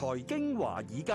財經華爾街，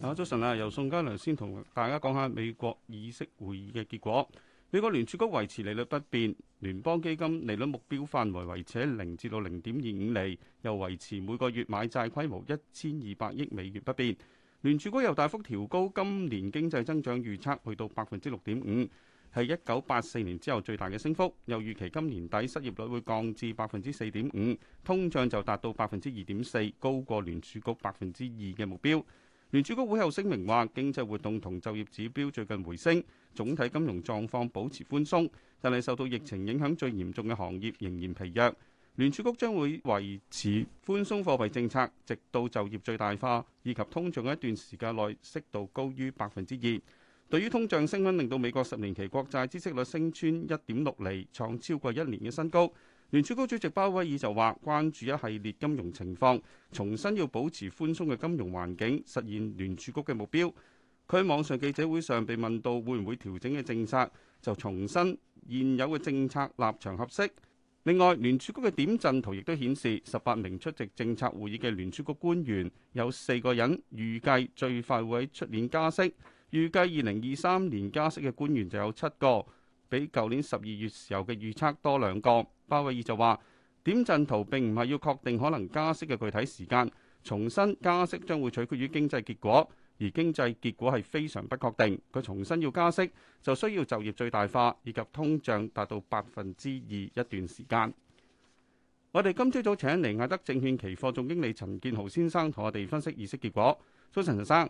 啊早晨啊，由宋家良先同大家講下美國議息會議嘅結果。美國聯儲局維持利率不變，聯邦基金利率目標範圍維持零至到零點二五厘，又維持每個月買債規模一千二百億美元不變。聯儲局又大幅調高今年經濟增長預測，去到百分之六點五。係一九八四年之後最大嘅升幅，又預期今年底失業率會降至百分之四點五，通脹就達到百分之二點四，高過聯儲局百分之二嘅目標。聯儲局會後聲明話，經濟活動同就業指標最近回升，總體金融狀況保持寬鬆，但係受到疫情影響最嚴重嘅行業仍然疲弱。聯儲局將會維持寬鬆貨幣政策，直到就業最大化，以及通脹一段時間內適度高於百分之二。對於通脹升溫，令到美國十年期國債孳息率升穿一點六厘，創超過一年嘅新高。聯儲局主席鮑威爾就話：關注一系列金融情況，重新要保持寬鬆嘅金融環境，實現聯儲局嘅目標。佢喺網上記者會上被問到會唔會調整嘅政策，就重申現有嘅政策立場合適。另外，聯儲局嘅點陣圖亦都顯示，十八名出席政策會議嘅聯儲局官員有四個人預計最快會出年加息。預計二零二三年加息嘅官員就有七個，比舊年十二月時候嘅預測多兩個。鮑威爾就話：點陣圖並唔係要確定可能加息嘅具體時間，重新加息將會取決於經濟結果，而經濟結果係非常不確定。佢重新要加息就需要就業最大化以及通脹達到百分之二一段時間。我哋今朝早請嚟艾德證券期貨總經理陳建豪先生同我哋分析議息結果。早晨，晨，陳生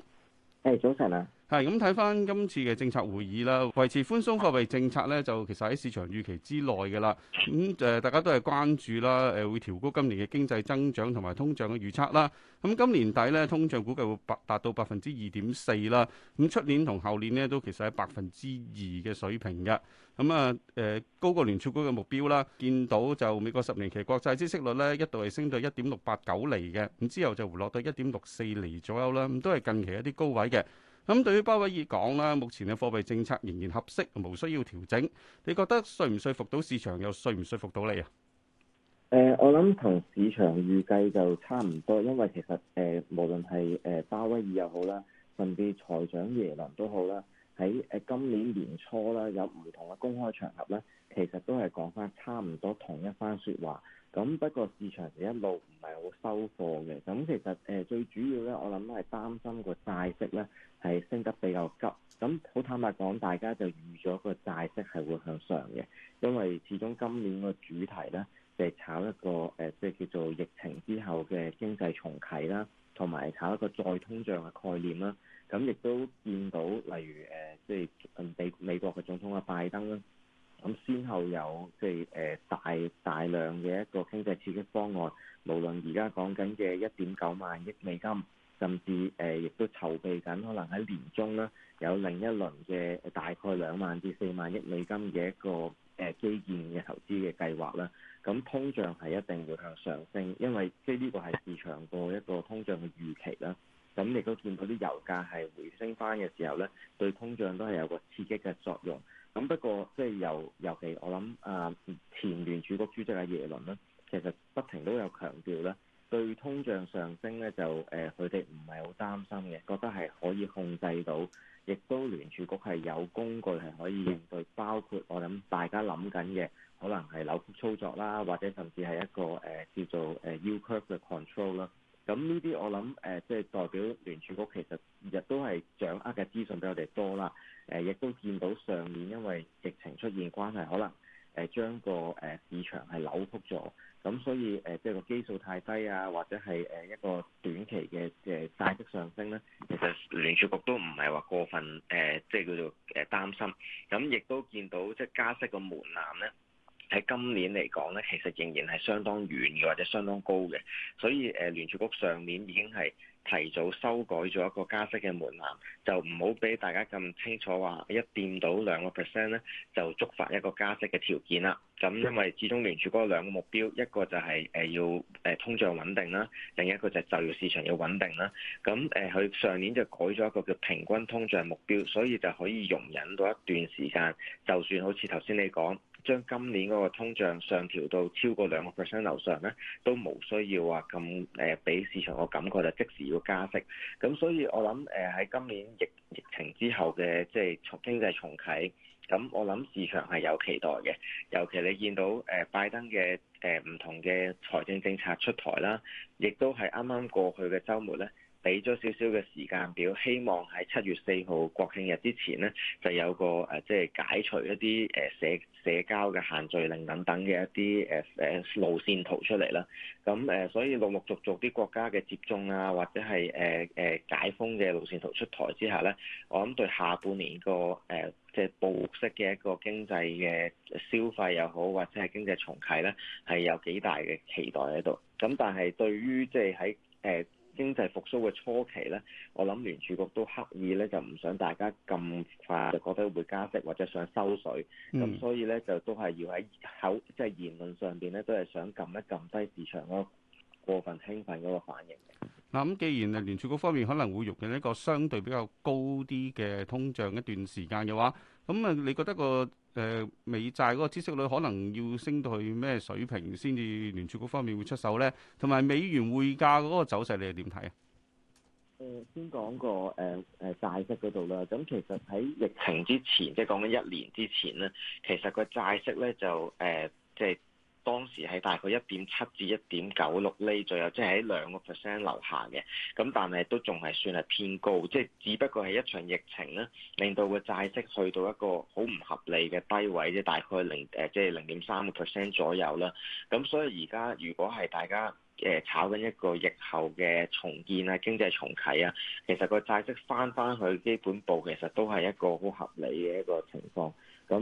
，hey, 早晨啊！係咁睇翻今次嘅政策會議啦，維持寬鬆貨幣政策咧，就其實喺市場預期之內嘅啦。咁誒，大家都係關注啦，誒會調高今年嘅經濟增長同埋通脹嘅預測啦。咁今年底咧，通脹估計會百達到百分之二點四啦。咁出年同後年呢，都其實係百分之二嘅水平嘅。咁啊誒高過聯儲局嘅目標啦，見到就美國十年期國債孳息率呢，一度係升到一點六八九厘嘅，咁之後就回落到一點六四厘左右啦。咁都係近期一啲高位嘅。咁對於鮑威爾講啦，目前嘅貨幣政策仍然合適，無需要調整。你覺得説唔説服到市場，又説唔説服到你啊？誒、呃，我諗同市場預計就差唔多，因為其實誒、呃，無論係誒鮑威爾又好啦，甚至財長耶倫都好啦，喺誒今年年初啦，有唔同嘅公開場合咧，其實都係講翻差唔多同一番説話。咁不過市場就一路唔係好收貨嘅。咁其實誒、呃、最主要咧，我諗係擔心個債息咧。係升得比較急，咁好坦白講，大家就預咗個債息係會向上嘅，因為始終今年個主題呢就係、是、炒一個誒，即、呃、係叫做疫情之後嘅經濟重啟啦，同埋炒一個再通脹嘅概念啦。咁亦都見到，例如誒、呃，即係美美國嘅總統嘅拜登啦，咁先後有即係誒、呃、大大量嘅一個經濟刺激方案，無論而家講緊嘅一點九萬億美金。甚至誒，亦、呃、都籌備緊，可能喺年中啦，有另一輪嘅大概兩萬至四萬億美金嘅一個誒、呃、基建嘅投資嘅計劃啦。咁通脹係一定會向上升，因為即係呢個係市場嘅一個通脹嘅預期啦。咁亦都見到啲油價係回升返嘅時候咧，對通脹都係有個刺激嘅作用。咁不過即係由尤其我諗啊、呃、前聯儲局主席啊耶倫啦，其實不停都有強調咧。對通脹上升咧，就誒佢哋唔係好擔心嘅，覺得係可以控制到，亦都聯儲局係有工具係可以應對，包括我諗大家諗緊嘅，可能係扭曲操作啦，或者甚至係一個誒、呃、叫做誒 U curve 嘅 control 啦。咁呢啲我諗誒，即、呃、係、就是、代表聯儲局其實亦都係掌握嘅資訊比我哋多啦。誒、呃，亦都見到上年因為疫情出現關係，可能誒將個誒、呃、市場係扭曲咗。咁所以誒、呃，即係個基數太低啊，或者係誒、呃、一個短期嘅誒債息上升咧，其實聯儲局都唔係話過分誒、呃，即係叫做誒擔心。咁亦都見到即係加息個門檻咧，喺今年嚟講咧，其實仍然係相當遠嘅或者相當高嘅。所以誒、呃，聯儲局上年已經係。提早修改咗一個加息嘅門檻，就唔好俾大家咁清楚話，一掂到兩個 percent 咧就觸發一個加息嘅條件啦。咁因為始終連住嗰兩個目標，一個就係誒要誒通脹穩定啦，另一個就係就業市場要穩定啦。咁誒佢上年就改咗一個叫平均通脹目標，所以就可以容忍到一段時間，就算好似頭先你講。將今年嗰個通脹上調到超過兩個 percent 樓上咧，都冇需要話咁誒，俾市場個感覺就即時要加息。咁所以我諗誒喺今年疫疫情之後嘅即係從經濟重啟，咁我諗市場係有期待嘅。尤其你見到誒拜登嘅誒唔同嘅財政政策出台啦，亦都係啱啱過去嘅週末咧，俾咗少少嘅時間表，希望喺七月四號國慶日之前咧就有個誒即係解除一啲誒社社交嘅限聚令等等嘅一啲誒誒路線圖出嚟啦，咁誒所以陸陸續續啲國家嘅接種啊，或者係誒誒解封嘅路線圖出台之下咧，我諗對下半年個誒即係佈式嘅一個經濟嘅消費又好，或者係經濟重啟咧，係有幾大嘅期待喺度。咁但係對於即係喺誒，就是經濟復甦嘅初期咧，我諗聯儲局都刻意咧就唔想大家咁快就覺得會加息或者想收水，咁、嗯、所以咧就都係要喺口即係言論上邊咧都係想撳一撳低市場咯，過分興奮嗰個反應。嗱咁、嗯、既然啊聯儲局方面可能會容忍一個相對比較高啲嘅通脹一段時間嘅話，咁啊你覺得個？誒、呃、美債嗰個孳息率可能要升到去咩水平先至聯儲局方面會出手咧？同埋美元匯價嗰個走勢你係點睇啊？誒，先講個誒誒債息嗰度啦。咁其實喺疫情之前，即係講緊一年之前咧，其實個債息咧就誒即係。呃就係當時係大概一點七至一點九六厘左右，即係喺兩個 percent 樓下嘅，咁但係都仲係算係偏高，即係只不過係一場疫情咧，令到個債息去到一個好唔合理嘅低位，即係大概零誒，即係零點三個 percent 左右啦。咁所以而家如果係大家誒炒緊一個疫後嘅重建啊、經濟重啟啊，其實個債息翻翻去基本部，其實都係一個好合理嘅一個情況。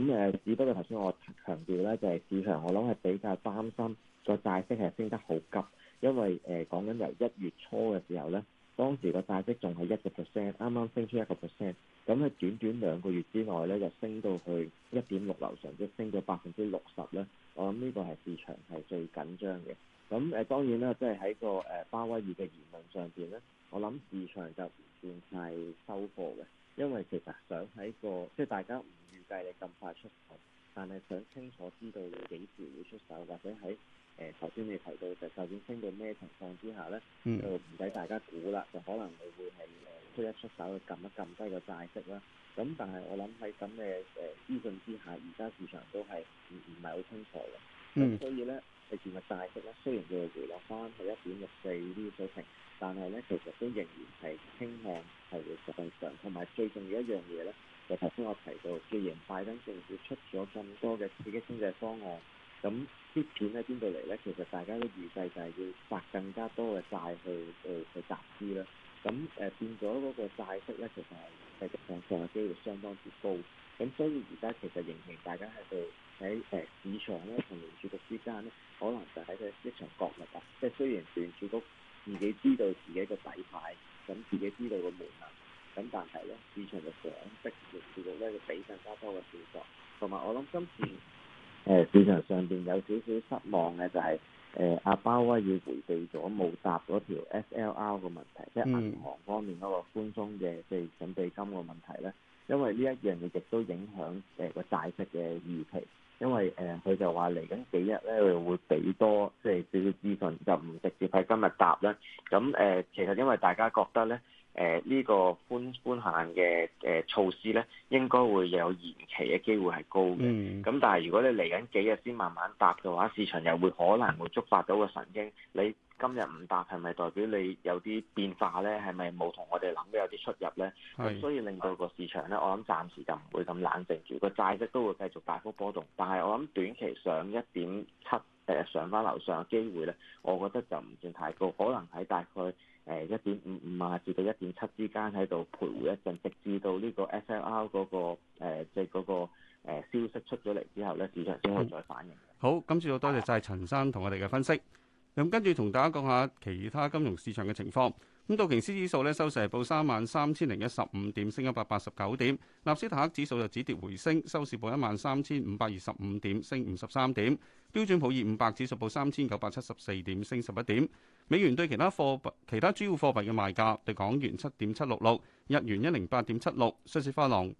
咁誒，只不過頭先我強調咧，就係市場我諗係比較擔心個債息係升得好急，因為誒講緊由一月初嘅時候咧，當時個債息仲係一個 percent，啱啱升出一個 percent，咁喺短短兩個月之內咧，就升到去一點六樓上，即升咗百分之六十咧。我諗呢個係市場係最緊張嘅。咁誒、呃、當然啦，即係喺個誒鮑、呃、威爾嘅言論上邊咧，我諗市場就唔算係收貨嘅。因為其實想喺個即係大家唔預計你咁快出手，但係想清楚知道你幾時會出手，或者喺誒頭先你提到就，究竟升到咩情況之下咧，嗯、就唔使大家估啦，就可能你會係出一出手去撳一撳低個債息啦。咁但係我諗喺咁嘅誒資訊之下，而家市場都係唔唔係好清楚嘅。咁、嗯、所以咧，你見個債息咧，雖然佢回落翻係一點六四呢啲水平。但係咧，其實都仍然係傾向係會上升，同埋最重要一樣嘢咧，就頭先我提到，既然拜登政府出咗咁多嘅刺激經濟方案，咁啲錢喺邊度嚟咧？其實大家都預計就係要發更加多嘅債去、呃、去去集資啦。咁誒、呃、變咗嗰個債息咧，其實係繼續上升嘅機會相當之高。咁所以而家其實仍然大家喺度喺誒市場咧同聯儲局之間咧，可能就喺嘅一場角力啊。即係雖然聯儲局。自己知道自己嘅底牌，咁自己知道個門檻，咁但係咧，市場嘅講述，亦記錄咧嘅俾更加多嘅線索，同埋我諗今次誒、呃、市場上邊有少少失望嘅就係誒阿包威要迴避咗冇答嗰條 SLR 嘅問題，嗯、即係銀行方面嗰個寬鬆嘅即係準備金嘅問題咧，因為呢一樣嘢亦都影響誒個、呃、債息嘅預期。因為誒，佢、呃、就話嚟緊幾日咧，佢會俾多即係少少資訊，就唔直接喺今日答啦。咁誒、呃，其實因為大家覺得咧。誒呢、呃這個寬寬限嘅誒、呃、措施咧，應該會有延期嘅機會係高嘅。咁、嗯、但係如果你嚟緊幾日先慢慢答嘅話，市場又會可能會觸發到個神經。你今日唔答係咪代表你有啲變化咧？係咪冇同我哋諗嘅有啲出入咧？咁是所以令到個市場咧，我諗暫時就唔會咁冷靜住。個債息都會繼續大幅波動，但係我諗短期上一點七。誒上翻樓上嘅機會咧，我覺得就唔算太高，可能喺大概誒一點五五啊至到一點七之間喺度徘徊一陣，直至到呢個 SLR 嗰個誒即係嗰個誒消息出咗嚟之後咧，市場先會再反應。好，今次多謝晒陳生同我哋嘅分析。咁跟住同大家講下其他金融市場嘅情況。咁道瓊斯指數呢收市係報三萬三千零一十五點，升一百八十九點。納斯達克指數就止跌回升，收市報一萬三千五百二十五點，升五十三點。標準普爾五百指數報三千九百七十四點，升十一點。美元對其他貨幣、其他主要貨幣嘅賣價：對港元七點七六六，日元一零八點七六，瑞士法郎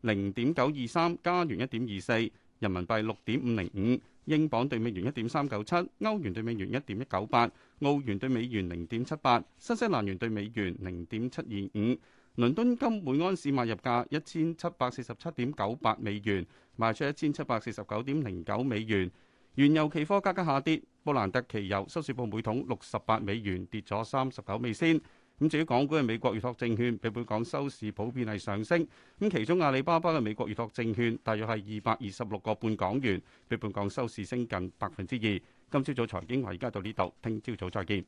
零點九二三，加元一點二四，人民幣六點五零五。英鎊兌美元一點三九七，歐元兌美元一點一九八，澳元兌美元零點七八，新西蘭元兌美元零點七二五。倫敦金每安士買入價一千七百四十七點九八美元，賣出一千七百四十九點零九美元。原油期貨價格下跌，布蘭特期油收市報每桶六十八美元，跌咗三十九美仙。咁至於港股嘅美國預託證券，比本港收市普遍係上升。咁其中阿里巴巴嘅美國預託證券，大約係二百二十六個半港元，比本港收市升近百分之二。今朝早財經話，而家到呢度，聽朝早再見。